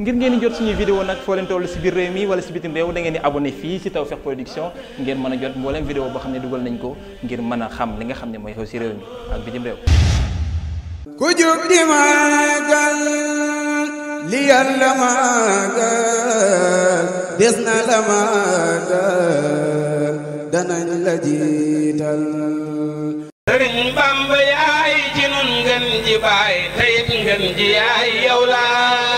ngir ngeen jot suñu vidéo nag foo leen si biir réew mi wala si bitim réew da ngeen di abonné fii si Tawfekh Production ngeen mën a jot mbooleem vidéo boo xam ne dugal nañ ko ngir mën a xam li nga xam ne mooy xew si réew mi ak bitim réew ku jóg di maagal li yàlla maagal des danañ la jiital sëriñ Bamba yaay ci nun ngën ji baay tayit ngën ji yaay yow laa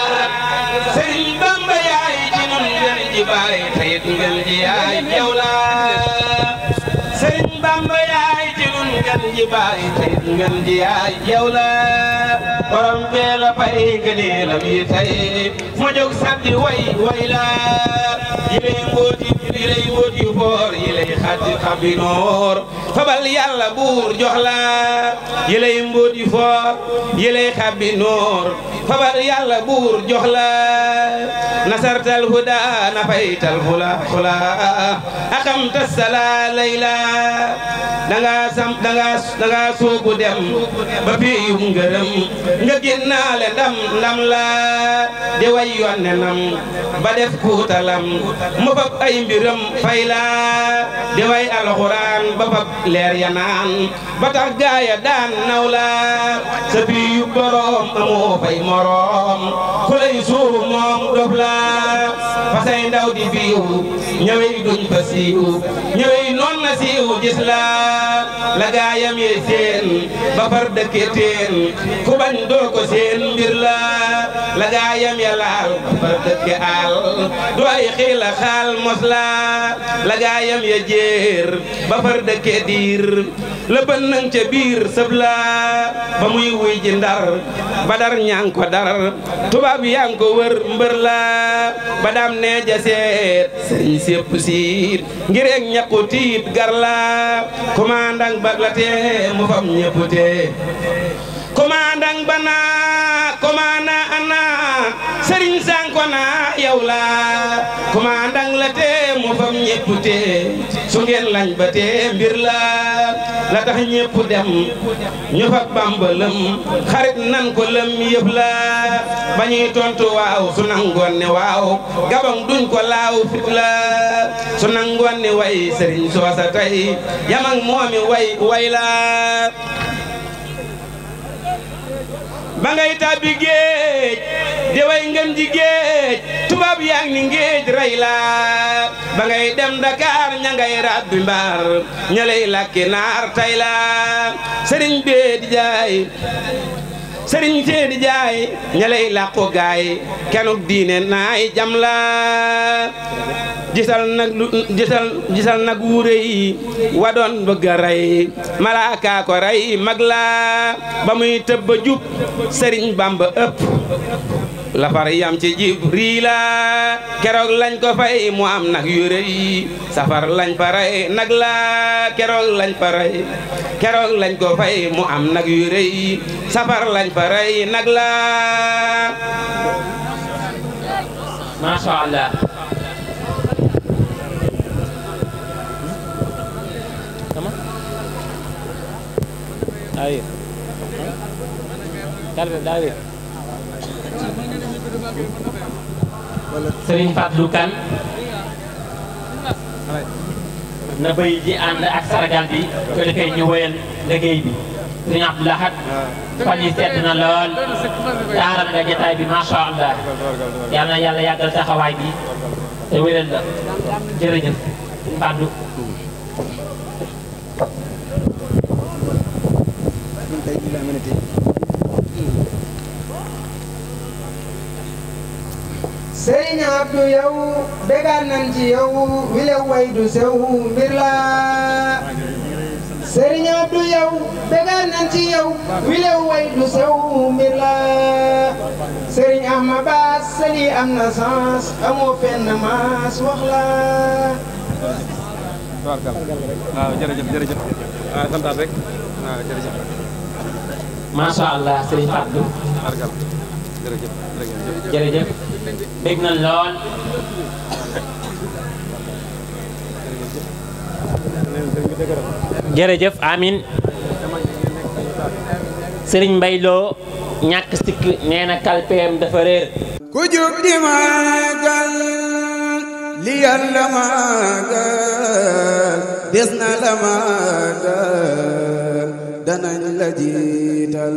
yaay yow la Serigne Bamba yaay ci nun ngan ji baay ci ngan yaay yow la borom bee la fay gëneelam yi tey mu jóg sàddi way way la yi lay mbóoti yi lay mbóot yu boor yi lay xaddi xabi noor fabal buur jox la yi lay mbóot yu foor yi lay xabi noor fabal yàlla buur jox la نصرت الهدى نفيت الخلا خلا أقمت الصلاة ليلا دنگا سم دنگا دنگا سوغو دم ba peyum ngërëm nga génnaale ndam ndam la di way yonne nam ba def kuutalam mu fab ay mbiram fay la di way alxuraan ba fab leer ya naan ba tax gaaya daan naw la sa piyu boroom amoo fay moroom ku lay suuru ma fasay ndaw di biiw ñëwee duñ basiiw ñëwee noonu siiw gis laa la gaayam yi seen ba far dëkke teen ku bañ doo ko seen mbir la la gaayam ya laal far dëkke aal du ay xiila xaal mos la la gaayam ya jéer ba far dëkke diir la bën nañ ca biir sëb la ba muy wuy ji ba dar ñaan ko dar tubaab yaa ngi ko wër mbër la ba daam nee seet sëriñ sépp siit ngir tiit ga jarla commandant baglate mo fam ñeppute commandant bana commandant ana Serigne Sankona yow la commandant late ñoom ñépp te su ngeen lañ ba te mbir la la tax ñépp dem ñu fak Bamba lëm xarit nan ko lëm yëpp la ba ñuy waaw su nangoon ne waaw gabang duñ ko laaw fit la su nangoon ne way sëriñ soosa tey yam moomi way way la ba géej di way ngëm ji géej tubaab yaa ngi ni ngéej rey la ba ngay dem Dakar ña ngay rabbi mbaar ña lakki naar tay la sëriñ bee di sëriñ tee di jaay ña gaay kenuk diine naay jam la gisal nag gisal gisal nag wuure wadoon bëgg rey malaaka rey mag la ba muy tëb ba jub sëriñ Bamba ëpp la far yam ci jibriila keroog lañ ko fay mu am nag yu rëy safar lañ faray nag la keroog lañ faray keroog lañ ko fay mu am nag yu rëy safar lañ faray nag laa masha sëriñ Fadlu Kan na bëy ji ànd ak sargal bi ko defee ñu wéyal liggéey bi sëriñ Abdou Lahad fan yi sedd na lool taaral nga jataay bi macha allah yal na yàlla yàggal taxawaay bi te wéyal la jërëjëf sëriñ Fadlu sëriñ Abdou yow bégaan nan ci yow wile way du sew mbir la sëriñ Abdou yow bégaan nan ci yow wile way du na sens amoo maas wax la waaw jërëjëf jërëjëf ah, ah, allah sëriñ Abdou jërëjëf bég na lool jërëjëf amin sëriñ Mbay ñàkk sikk nee kalpeem dafa réer ku jóg di maagal li yàlla maagal des na la maagal danañ la jiital